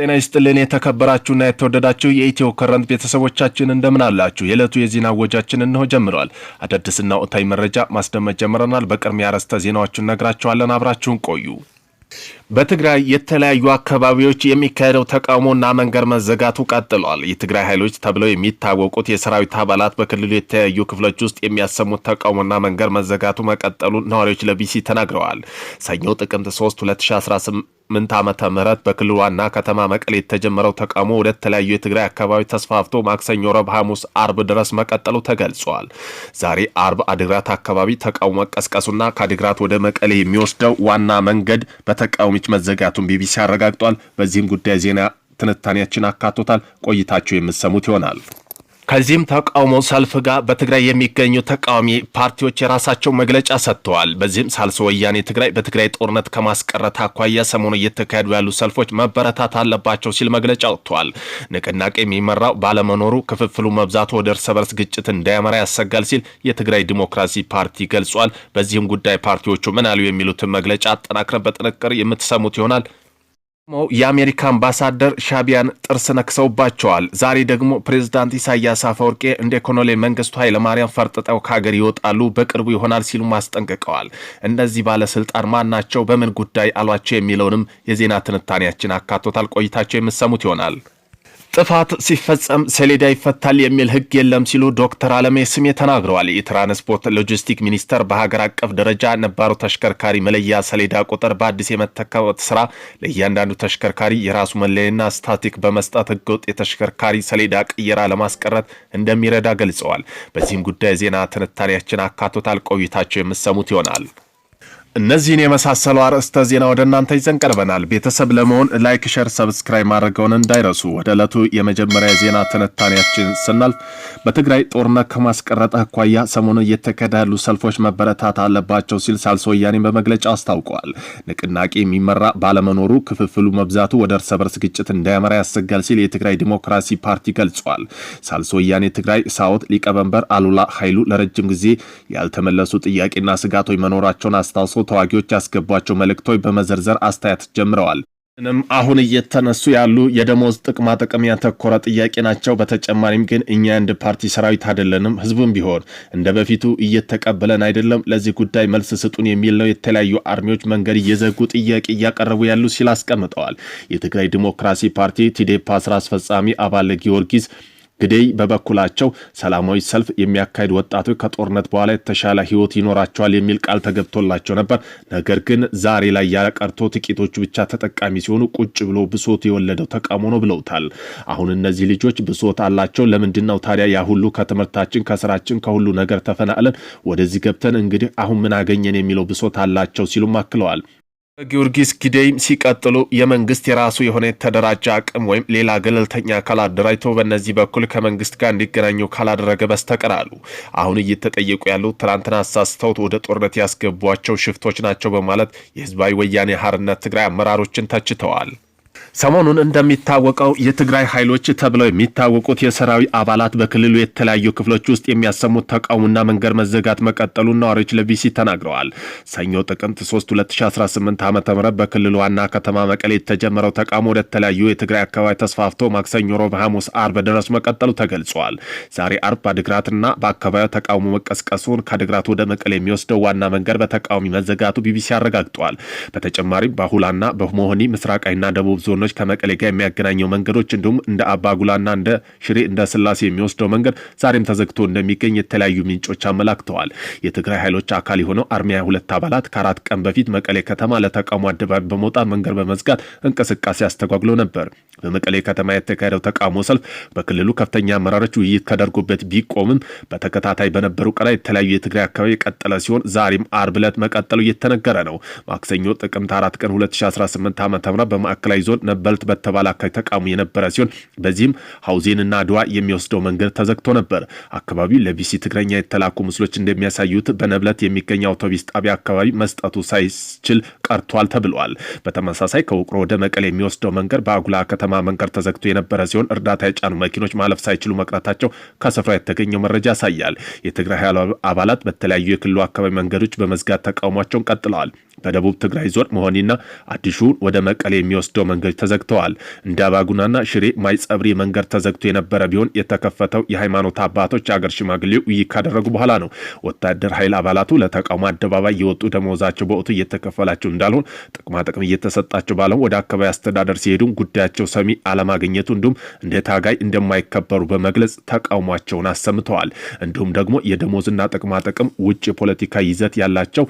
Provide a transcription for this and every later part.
ጤና ይስጥልን የተከበራችሁና የተወደዳችሁ የኢትዮ ከረንት ቤተሰቦቻችን እንደምን አላችሁ? የዕለቱ የዜና ወጃችን እንሆ ጀምረዋል። አዳዲስና ወቅታዊ መረጃ ማስደመጥ ጀምረናል። በቅድሚያ አርዕስተ ዜናዎቹን ነግራችኋለን። አብራችሁን ቆዩ። በትግራይ የተለያዩ አካባቢዎች የሚካሄደው ተቃውሞና መንገድ መዘጋቱ ቀጥሏል። የትግራይ ኃይሎች ተብለው የሚታወቁት የሰራዊት አባላት በክልሉ የተለያዩ ክፍሎች ውስጥ የሚያሰሙት ተቃውሞና መንገድ መዘጋቱ መቀጠሉን ነዋሪዎች ለቢሲ ተናግረዋል። ሰኞ ጥቅምት 3 2018 ምንት ዓመተ ምህረት በክልሉ ዋና ከተማ መቀሌ የተጀመረው ተቃውሞ ወደ ተለያዩ የትግራይ አካባቢዎች ተስፋፍቶ ማክሰኞ፣ ረብ ሐሙስ፣ አርብ ድረስ መቀጠሉ ተገልጿል። ዛሬ አርብ አድግራት አካባቢ ተቃውሞ መቀስቀሱና ከአድግራት ወደ መቀሌ የሚወስደው ዋና መንገድ በተቃውሞ ሆስፒታሎች መዘጋቱን ቢቢሲ አረጋግጧል። በዚህም ጉዳይ ዜና ትንታኔያችን አካቶታል። ቆይታቸው የምትሰሙት ይሆናል። ከዚህም ተቃውሞ ሰልፍ ጋር በትግራይ የሚገኙ ተቃዋሚ ፓርቲዎች የራሳቸው መግለጫ ሰጥተዋል። በዚህም ሳልሶ ወያኔ ትግራይ በትግራይ ጦርነት ከማስቀረት አኳያ ሰሞኑ እየተካሄዱ ያሉ ሰልፎች መበረታት አለባቸው ሲል መግለጫ ወጥተዋል። ንቅናቄ የሚመራው ባለመኖሩ ክፍፍሉ መብዛቱ ወደ እርስ በርስ ግጭት እንዳያመራ ያሰጋል ሲል የትግራይ ዲሞክራሲ ፓርቲ ገልጿል። በዚህም ጉዳይ ፓርቲዎቹ ምን አሉ የሚሉትን መግለጫ አጠናክረን በጥንቅር የምትሰሙት ይሆናል። የአሜሪካ አምባሳደር ሻቢያን ጥርስ ነክሰውባቸዋል። ዛሬ ደግሞ ፕሬዝዳንት ኢሳያስ አፈወርቄ እንደ ኮሎኔል መንግስቱ ኃይለማርያም ፈርጥጠው ከሀገር ይወጣሉ፣ በቅርቡ ይሆናል ሲሉ አስጠንቅቀዋል። እነዚህ ባለስልጣን ማናቸው፣ በምን ጉዳይ አሏቸው የሚለውንም የዜና ትንታኔያችን አካቶታል። ቆይታቸው የምሰሙት ይሆናል። ጥፋት ሲፈጸም ሰሌዳ ይፈታል የሚል ህግ የለም ሲሉ ዶክተር አለሜ ስሜ ተናግረዋል። የትራንስፖርት ሎጂስቲክ ሚኒስተር በሀገር አቀፍ ደረጃ ነባሩ ተሽከርካሪ መለያ ሰሌዳ ቁጥር በአዲስ የመተካት ስራ ለእያንዳንዱ ተሽከርካሪ የራሱ መለያና ስታቲክ በመስጠት ህገወጥ የተሽከርካሪ ሰሌዳ ቅየራ ለማስቀረት እንደሚረዳ ገልጸዋል። በዚህም ጉዳይ ዜና ትንታኔያችን አካቶታል። ቆይታቸው የምሰሙት ይሆናል። እነዚህን የመሳሰሉ አርዕስተ ዜና ወደ እናንተ ይዘን ቀርበናል። ቤተሰብ ለመሆን ላይክ፣ ሸር፣ ሰብስክራይብ ማድረገውን እንዳይረሱ። ወደ ዕለቱ የመጀመሪያ ዜና ትንታኔያችን ስናልፍ በትግራይ ጦርነት ከማስቀረጠ አኳያ ሰሞኑን እየተካሄዱ ያሉ ሰልፎች መበረታት አለባቸው ሲል ሳልሶ ወያኔ በመግለጫ አስታውቀዋል። ንቅናቄ የሚመራ ባለመኖሩ ክፍፍሉ መብዛቱ ወደ እርስ በርስ ግጭት እንዳያመራ ያሰጋል ሲል የትግራይ ዲሞክራሲ ፓርቲ ገልጿል። ሳልሶ ወያኔ ትግራይ ሳውት ሊቀመንበር አሉላ ኃይሉ ለረጅም ጊዜ ያልተመለሱ ጥያቄና ስጋቶች መኖራቸውን አስታውሶ የተነሱ ተዋጊዎች ያስገቧቸው መልእክቶች በመዘርዘር አስተያየት ጀምረዋል። ንም አሁን እየተነሱ ያሉ የደሞዝ ጥቅማ ጥቅም ያተኮረ ጥያቄ ናቸው። በተጨማሪም ግን እኛ እንደ ፓርቲ ሰራዊት አይደለንም፣ ህዝቡም ቢሆን እንደ በፊቱ እየተቀበለን አይደለም። ለዚህ ጉዳይ መልስ ስጡን የሚል ነው። የተለያዩ አርሚዎች መንገድ እየዘጉ ጥያቄ እያቀረቡ ያሉ ሲል አስቀምጠዋል። የትግራይ ዲሞክራሲ ፓርቲ ቲዴፓ ስራ አስፈጻሚ አባል ጊዮርጊስ ግደይ በበኩላቸው ሰላማዊ ሰልፍ የሚያካሄድ ወጣቶች ከጦርነት በኋላ የተሻለ ህይወት ይኖራቸዋል የሚል ቃል ተገብቶላቸው ነበር። ነገር ግን ዛሬ ላይ ያቀርቶ ጥቂቶቹ ብቻ ተጠቃሚ ሲሆኑ ቁጭ ብሎ ብሶት የወለደው ተቃውሞ ነው ብለውታል። አሁን እነዚህ ልጆች ብሶት አላቸው። ለምንድን ነው ታዲያ ያ ሁሉ ከትምህርታችን፣ ከስራችን፣ ከሁሉ ነገር ተፈናቅለን ወደዚህ ገብተን እንግዲህ አሁን ምን አገኘን የሚለው ብሶት አላቸው ሲሉም አክለዋል። ጊዮርጊስ ጊደይም ሲቀጥሉ የመንግስት የራሱ የሆነ የተደራጀ አቅም ወይም ሌላ ገለልተኛ አካል አደራጅቶ በእነዚህ በኩል ከመንግስት ጋር እንዲገናኙ ካላደረገ በስተቀር አሉ። አሁን እየተጠየቁ ያሉ ትናንትና አሳስተውት ወደ ጦርነት ያስገቧቸው ሽፍቶች ናቸው በማለት የህዝባዊ ወያኔ ሀርነት ትግራይ አመራሮችን ተችተዋል። ሰሞኑን እንደሚታወቀው የትግራይ ኃይሎች ተብለው የሚታወቁት የሰራዊ አባላት በክልሉ የተለያዩ ክፍሎች ውስጥ የሚያሰሙት ተቃውሞና መንገድ መዘጋት መቀጠሉን ነዋሪዎች ለቢሲ ተናግረዋል። ሰኞ ጥቅምት 3 2018 ዓ ም በክልሉ ዋና ከተማ መቀሌ የተጀመረው ተቃውሞ ወደ ተለያዩ የትግራይ አካባቢ ተስፋፍቶ ማክሰኞ፣ ሮብ፣ ሐሙስ፣ አርብ ድረስ መቀጠሉ ተገልጿል። ዛሬ አርብ በአድግራትና በአካባቢው ተቃውሞ መቀስቀሱን ከአድግራት ወደ መቀሌ የሚወስደው ዋና መንገድ በተቃዋሚ መዘጋቱ ቢቢሲ አረጋግጧል። በተጨማሪም በሁላና በመሆኒ ምስራቃዊና ደቡብ ዞኖች ከተሞች ከመቀሌ ጋር የሚያገናኘው መንገዶች እንዲሁም እንደ አባጉላና እንደ ሽሬ እንደ ስላሴ የሚወስደው መንገድ ዛሬም ተዘግቶ እንደሚገኝ የተለያዩ ምንጮች አመላክተዋል። የትግራይ ኃይሎች አካል የሆነው አርሚያ ሁለት አባላት ከአራት ቀን በፊት መቀሌ ከተማ ለተቃውሞ አደባባይ በመውጣት መንገድ በመዝጋት እንቅስቃሴ አስተጓግሎ ነበር። በመቀሌ ከተማ የተካሄደው ተቃውሞ ሰልፍ በክልሉ ከፍተኛ አመራሮች ውይይት ተደርጎበት ቢቆምም በተከታታይ በነበሩ ቀናት የተለያዩ የትግራይ አካባቢ የቀጠለ ሲሆን ዛሬም አርብ ዕለት መቀጠሉ እየተነገረ ነው። ማክሰኞ ጥቅምት አራት ቀን 2018 ዓ ም በማዕከላዊ ዞን ነበልት በተባለ አካባቢ ተቃውሞ የነበረ ሲሆን በዚህም ሐውዜንና አድዋ የሚወስደው መንገድ ተዘግቶ ነበር። አካባቢው ለቢሲ ትግረኛ የተላኩ ምስሎች እንደሚያሳዩት በነብለት የሚገኝ አውቶቢስ ጣቢያ አካባቢ መስጠቱ ሳይችል ቀርቷል ተብሏል። በተመሳሳይ ከውቅሮ ወደ መቀሌ የሚወስደው መንገድ በአጉላ ከተማ መንገድ ተዘግቶ የነበረ ሲሆን እርዳታ የጫኑ መኪኖች ማለፍ ሳይችሉ መቅረታቸው ከስፍራ የተገኘው መረጃ ያሳያል። የትግራይ ኃይል አባላት በተለያዩ የክልሉ አካባቢ መንገዶች በመዝጋት ተቃውሟቸውን ቀጥለዋል። በደቡብ ትግራይ ዞን መሆኒና አዲሹ ወደ መቀሌ የሚወስደው መንገድ ተዘግተዋል። እንደ አባጉናና ሽሬ ማይጸብሪ መንገድ ተዘግቶ የነበረ ቢሆን የተከፈተው የሃይማኖት አባቶች አገር ሽማግሌው ውይይት ካደረጉ በኋላ ነው። ወታደር ኃይል አባላቱ ለተቃውሞ አደባባይ የወጡ ደመወዛቸው በወቅቱ እየተከፈላቸው እንዳልሆን፣ ጥቅማ ጥቅም እየተሰጣቸው ባለው ወደ አካባቢ አስተዳደር ሲሄዱም ጉዳያቸው ሰሚ አለማግኘቱ እንዲሁም እንደ ታጋይ እንደማይከበሩ በመግለጽ ተቃውሟቸውን አሰምተዋል። እንዲሁም ደግሞ የደሞዝና ጥቅማ ጥቅም ውጭ የፖለቲካ ይዘት ያላቸው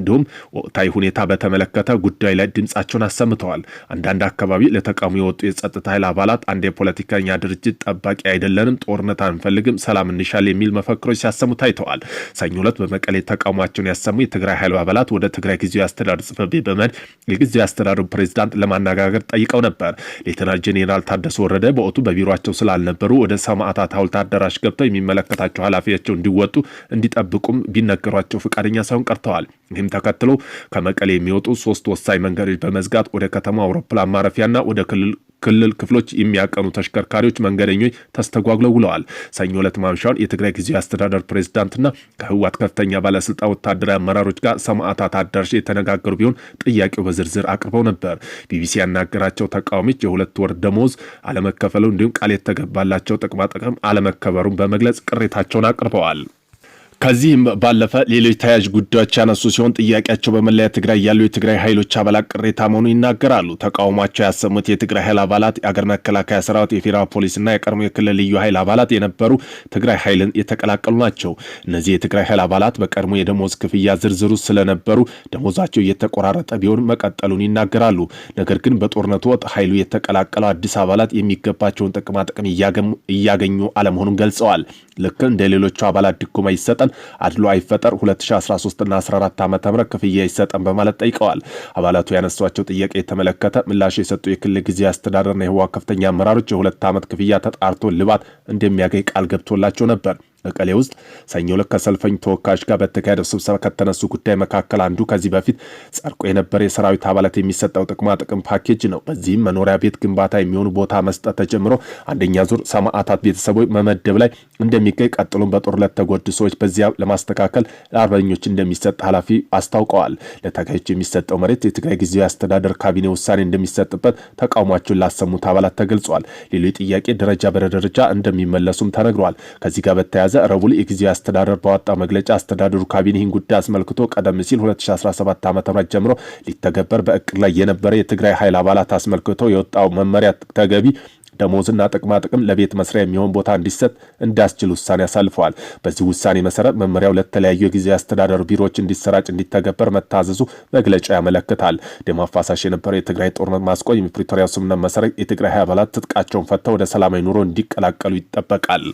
እንዲሁም ወቅታዊ ሁኔታ በተመለከተ ጉዳይ ላይ ድምፃቸውን አሰምተዋል። አንዳንድ አካባቢ ለተቃውሞ የወጡ የጸጥታ ኃይል አባላት አንድ የፖለቲከኛ ድርጅት ጠባቂ አይደለንም፣ ጦርነት አንፈልግም፣ ሰላም እንሻል የሚል መፈክሮች ሲያሰሙ ታይተዋል። ሰኞ ዕለት በመቀሌ ተቃውሟቸውን ያሰሙ የትግራይ ኃይል አባላት ወደ ትግራይ ጊዜያዊ አስተዳደር ጽሕፈት ቤት በመሄድ የጊዜያዊ አስተዳደሩ ፕሬዚዳንት ለማነጋገር ጠይቀው ነበር። ሌተናል ጄኔራል ታደሰ ወረደ በወቱ በቢሮቸው ስላልነበሩ ወደ ሰማዕታት ሐውልት አዳራሽ ገብተው የሚመለከታቸው ኃላፊያቸው እንዲወጡ እንዲጠብቁም ቢነገሯቸው ፈቃደኛ ሳይሆን ቀርተዋል። ይህም ተከትሎ ከመቀሌ የሚወጡ ሶስት ወሳኝ መንገዶች በመዝጋት ወደ ከተማ አውሮፕላን ማረፊያና ወደ ክልል ክልል ክፍሎች የሚያቀኑ ተሽከርካሪዎች፣ መንገደኞች ተስተጓጉለው ውለዋል። ሰኞ ዕለት ማምሻውን የትግራይ ጊዜ አስተዳደር ፕሬዚዳንትና ከህዋት ከፍተኛ ባለስልጣን ወታደራዊ አመራሮች ጋር ሰማዕታት አዳራሽ የተነጋገሩ ቢሆን ጥያቄው በዝርዝር አቅርበው ነበር። ቢቢሲ ያናገራቸው ተቃዋሚዎች የሁለት ወር ደሞዝ አለመከፈሉ እንዲሁም ቃል የተገባላቸው ጥቅማጥቅም አለመከበሩን በመግለጽ ቅሬታቸውን አቅርበዋል። ከዚህም ባለፈ ሌሎች ተያያዥ ጉዳዮች ያነሱ ሲሆን ጥያቄያቸው በመለያ ትግራይ ያሉ የትግራይ ኃይሎች አባላት ቅሬታ መሆኑ ይናገራሉ። ተቃውሟቸው ያሰሙት የትግራይ ኃይል አባላት የአገር መከላከያ ሰራዊት፣ የፌዴራል ፖሊስና የቀድሞ የክልል ልዩ ኃይል አባላት የነበሩ ትግራይ ኃይልን የተቀላቀሉ ናቸው። እነዚህ የትግራይ ኃይል አባላት በቀድሞ የደሞዝ ክፍያ ዝርዝሩ ስለነበሩ ደሞዛቸው እየተቆራረጠ ቢሆን መቀጠሉን ይናገራሉ። ነገር ግን በጦርነቱ ወጥ ኃይሉ የተቀላቀለው አዲስ አባላት የሚገባቸውን ጥቅማጥቅም እያገኙ አለመሆኑን ገልጸዋል። ልክ እንደ ሌሎቹ አባላት ድጎማ ይሰጠን፣ አድሎ አይፈጠር፣ 2013ና 14 ዓ ም ክፍያ ይሰጠን በማለት ጠይቀዋል። አባላቱ ያነሷቸው ጥያቄ የተመለከተ ምላሽ የሰጡ የክልል ጊዜ አስተዳደርና የህዋ ከፍተኛ አመራሮች የሁለት ዓመት ክፍያ ተጣርቶ ልባት እንደሚያገኝ ቃል ገብቶላቸው ነበር። መቀሌ ውስጥ ሰኞ ዕለት ከሰልፈኝ ተወካዮች ጋር በተካሄደው ስብሰባ ከተነሱ ጉዳይ መካከል አንዱ ከዚህ በፊት ጸድቆ የነበረ የሰራዊት አባላት የሚሰጠው ጥቅማ ጥቅም ፓኬጅ ነው። በዚህም መኖሪያ ቤት ግንባታ የሚሆኑ ቦታ መስጠት ተጀምሮ አንደኛ ዙር ሰማዕታት ቤተሰቦች መመደብ ላይ እንደሚገኝ ቀጥሎም በጦር ለተጎዱ ሰዎች በዚያ ለማስተካከል ለአርበኞች እንደሚሰጥ ኃላፊ አስታውቀዋል። ለታጋዮች የሚሰጠው መሬት የትግራይ ጊዜያዊ አስተዳደር ካቢኔ ውሳኔ እንደሚሰጥበት ተቃውሟቸውን ላሰሙት አባላት ተገልጿል። ሌሎች ጥያቄ ደረጃ በደረጃ እንደሚመለሱም ተነግሯል። ከዚህ ጋር በተያያዘ በተያያዘ ረቡዕ የጊዜ አስተዳደር ባወጣው መግለጫ አስተዳደሩ ካቢኔ ይህን ጉዳይ አስመልክቶ ቀደም ሲል 2017 ዓ ም ጀምሮ ሊተገበር በእቅድ ላይ የነበረ የትግራይ ኃይል አባላት አስመልክቶ የወጣው መመሪያ ተገቢ ደሞዝና ጥቅማ ጥቅም ለቤት መስሪያ የሚሆን ቦታ እንዲሰጥ እንዲያስችል ውሳኔ አሳልፈዋል። በዚህ ውሳኔ መሰረት መመሪያው ለተለያዩ የጊዜ አስተዳደር ቢሮዎች እንዲሰራጭ እንዲተገበር መታዘዙ መግለጫው ያመለክታል። ደም አፋሳሽ የነበረው የትግራይ ጦርነት ማስቆም የፕሪቶሪያ ስምምነት መሰረት የትግራይ አባላት ትጥቃቸውን ፈተው ወደ ሰላማዊ ኑሮ እንዲቀላቀሉ ይጠበቃል።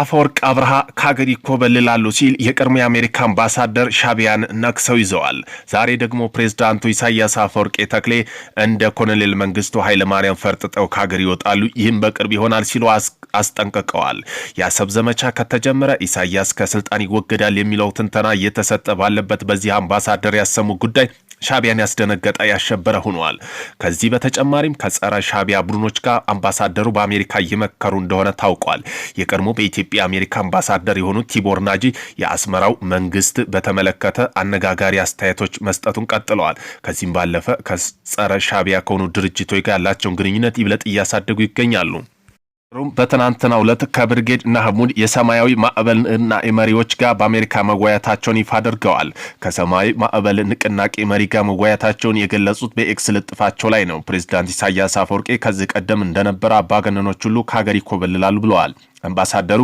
አፈወርቅ አብርሃ ከሀገር ይኮበልላሉ ሲል የቀድሞ የአሜሪካ አምባሳደር ሻቢያን ነክሰው ይዘዋል። ዛሬ ደግሞ ፕሬዝዳንቱ ኢሳያስ አፈወርቄ ተክሌ እንደ ኮሎኔል መንግስቱ ኃይለማርያም ፈርጥጠው ከሀገር ይወጣሉ፣ ይህም በቅርብ ይሆናል ሲሉ አስጠንቅቀዋል። የአሰብ ዘመቻ ከተጀመረ ኢሳያስ ከስልጣን ይወገዳል የሚለው ትንተና እየተሰጠ ባለበት በዚህ አምባሳደር ያሰሙ ጉዳይ ሻቢያን ያስደነገጠ ያሸበረ ሆኗል። ከዚህ በተጨማሪም ከጸረ ሻቢያ ቡድኖች ጋር አምባሳደሩ በአሜሪካ እየመከሩ እንደሆነ ታውቋል። የቀድሞ በኢትዮጵያ የአሜሪካ አምባሳደር የሆኑት ቲቦር ናጂ የአስመራው መንግስት በተመለከተ አነጋጋሪ አስተያየቶች መስጠቱን ቀጥለዋል። ከዚህም ባለፈ ከጸረ ሻቢያ ከሆኑ ድርጅቶች ጋር ያላቸውን ግንኙነት ይብለጥ እያሳደጉ ይገኛሉ። በትናንትናው ዕለት ከብርጌድ ናህሙድ የሰማያዊ ማዕበል ንቅናቄ መሪዎች ጋር በአሜሪካ መወያየታቸውን ይፋ አድርገዋል። ከሰማያዊ ማዕበል ንቅናቄ መሪ ጋር መወያየታቸውን የገለጹት በኤክስ ልጥፋቸው ላይ ነው። ፕሬዚዳንት ኢሳያስ አፈወርቄ ከዚህ ቀደም እንደነበረ አባገነኖች ሁሉ ከሀገር ይኮበልላሉ ብለዋል። አምባሳደሩ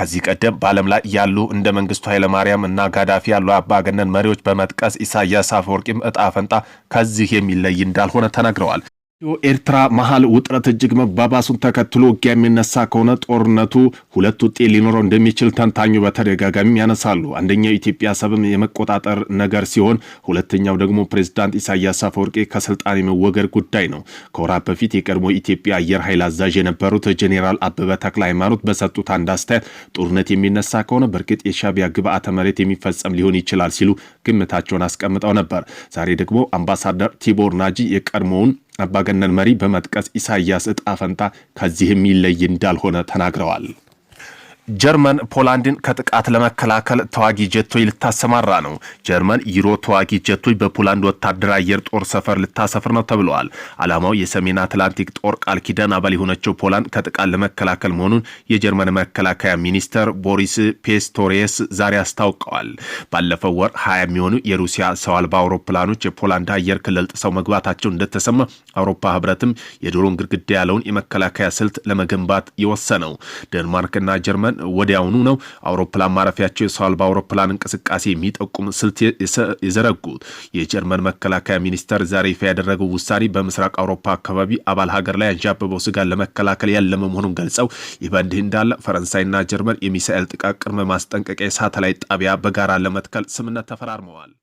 ከዚህ ቀደም በዓለም ላይ ያሉ እንደ መንግስቱ ኃይለማርያም እና ጋዳፊ ያሉ አባገነን መሪዎች በመጥቀስ ኢሳያስ አፈወርቂም እጣ ፈንታ ከዚህ የሚለይ እንዳልሆነ ተናግረዋል። ኢትዮ ኤርትራ መሀል ውጥረት እጅግ መባባሱን ተከትሎ ውጊያ የሚነሳ ከሆነ ጦርነቱ ሁለት ውጤት ሊኖረው እንደሚችል ተንታኙ በተደጋጋሚ ያነሳሉ። አንደኛው ኢትዮጵያ ሰብም የመቆጣጠር ነገር ሲሆን፣ ሁለተኛው ደግሞ ፕሬዚዳንት ኢሳያስ አፈወርቂ ከስልጣን የመወገድ ጉዳይ ነው። ከወራት በፊት የቀድሞ ኢትዮጵያ አየር ኃይል አዛዥ የነበሩት ጄኔራል አበበ ተክለ ሃይማኖት በሰጡት አንድ አስተያየት ጦርነት የሚነሳ ከሆነ በእርግጥ የሻቢያ ግብዓተ መሬት የሚፈጸም ሊሆን ይችላል ሲሉ ግምታቸውን አስቀምጠው ነበር። ዛሬ ደግሞ አምባሳደር ቲቦር ናጂ የቀድሞውን አምባገነን መሪ በመጥቀስ ኢሳያስ እጣ ፈንታ ከዚህም ይለይ እንዳልሆነ ተናግረዋል። ጀርመን ፖላንድን ከጥቃት ለመከላከል ተዋጊ ጀቶች ልታሰማራ ነው። ጀርመን ዩሮ ተዋጊ ጀቶች በፖላንድ ወታደር አየር ጦር ሰፈር ልታሰፍር ነው ተብለዋል። ዓላማው የሰሜን አትላንቲክ ጦር ቃል ኪዳን አባል የሆነችው ፖላንድ ከጥቃት ለመከላከል መሆኑን የጀርመን መከላከያ ሚኒስተር ቦሪስ ፔስቶሬስ ዛሬ አስታውቀዋል። ባለፈው ወር ሀያ የሚሆኑ የሩሲያ ሰው አልባ አውሮፕላኖች የፖላንድ አየር ክልል ጥሰው መግባታቸው እንደተሰማ አውሮፓ ህብረትም የድሮን ግድግዳ ያለውን የመከላከያ ስልት ለመገንባት የወሰነው ደንማርክና ጀርመን ወዲያውኑ ነው አውሮፕላን ማረፊያቸው የሰው አልባ አውሮፕላን እንቅስቃሴ የሚጠቁም ስልት የዘረጉት። የጀርመን መከላከያ ሚኒስቴር ዛሬ ይፋ ያደረገው ውሳኔ በምስራቅ አውሮፓ አካባቢ አባል ሀገር ላይ አንዣበበው ስጋ ለመከላከል ያለመ መሆኑን ገልጸው ይህ በእንዲህ እንዳለ ፈረንሳይና ጀርመን የሚሳኤል ጥቃት ቅድመ ማስጠንቀቂያ የሳተላይት ጣቢያ በጋራ ለመትከል ስምነት ተፈራርመዋል።